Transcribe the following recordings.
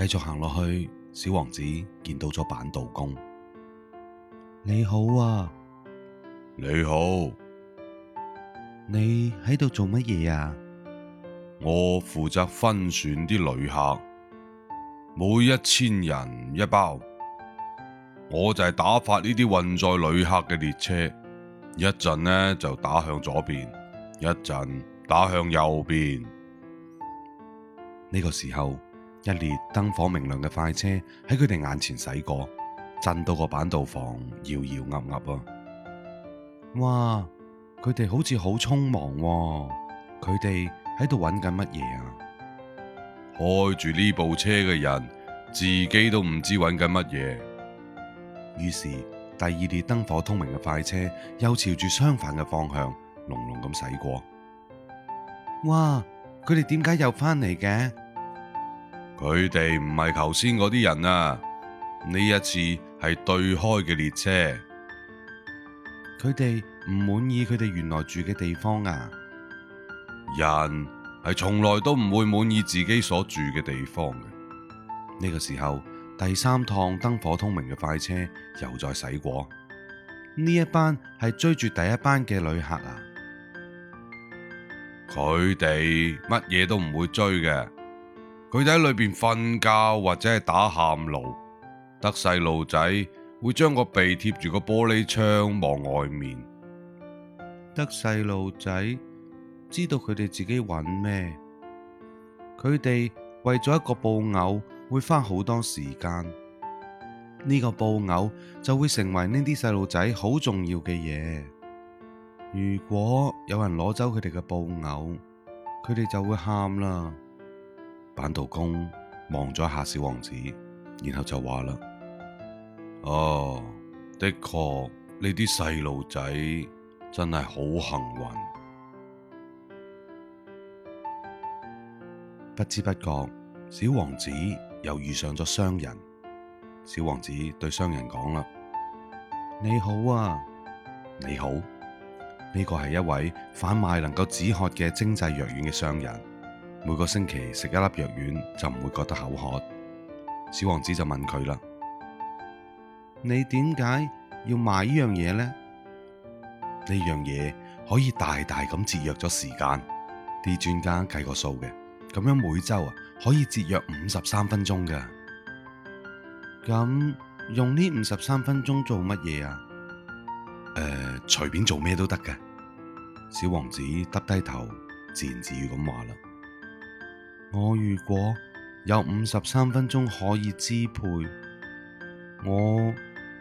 繼續行落去，小王子見到咗扳道工。你好啊，你好，你喺度做乜嘢啊？我負責分選啲旅客，每一千人一包。我就係打發呢啲運載旅客嘅列車，一陣呢就打向左邊，一陣打向右邊。呢個時候。一列燈火明亮嘅快車喺佢哋眼前駛過，震到個板道房搖搖岌岌啊！哇，佢哋好似好匆忙，佢哋喺度搵緊乜嘢啊？啊，開住呢部車嘅人自己都唔知搵緊乜嘢。於是第二列燈火通明嘅快車又朝住相反嘅方向隆隆咁駛過。哇，佢哋點解又翻嚟嘅？佢哋唔係頭先嗰啲人啊，呢一次係對開嘅列車。佢哋唔滿意佢哋原來住嘅地方啊。人係從來都唔會滿意自己所住嘅地方嘅。呢個時候，第三趟燈火通明嘅快車又再駛過。呢一班係追住第一班嘅旅客啊。佢哋乜嘢都唔會追嘅。佢喺裏邊瞓覺或者係打喊路。得細路仔會將個鼻貼住個玻璃窗望外面，得細路仔知道佢哋自己搵咩，佢哋為咗一個布偶會花好多時間，呢個布偶就會成為呢啲細路仔好重要嘅嘢。如果有人攞走佢哋嘅布偶，佢哋就會喊啦。扳道工望咗一下小王子，然後就話啦：哦，的確呢啲細路仔真係好幸運。不知不覺，小王子又遇上咗商人。小王子對商人講啦：你好啊，你好。呢個係一位販賣能夠止渴嘅精致藥丸嘅商人。每個星期食一粒藥丸就唔會覺得口渴，小王子就問佢啦：你點解要賣呢樣嘢咧？呢樣嘢可以大大咁節約咗時間，啲專家計過數嘅，咁樣每周啊可以節約五十三分鐘㗎。咁用呢五十三分鐘做乜嘢啊？誒、呃，隨便做咩都得嘅。小王子耷低頭，自言自語咁話啦。我如果有五十三分鐘可以支配，我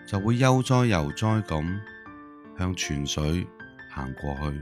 就會悠哉悠哉咁向泉水行過去。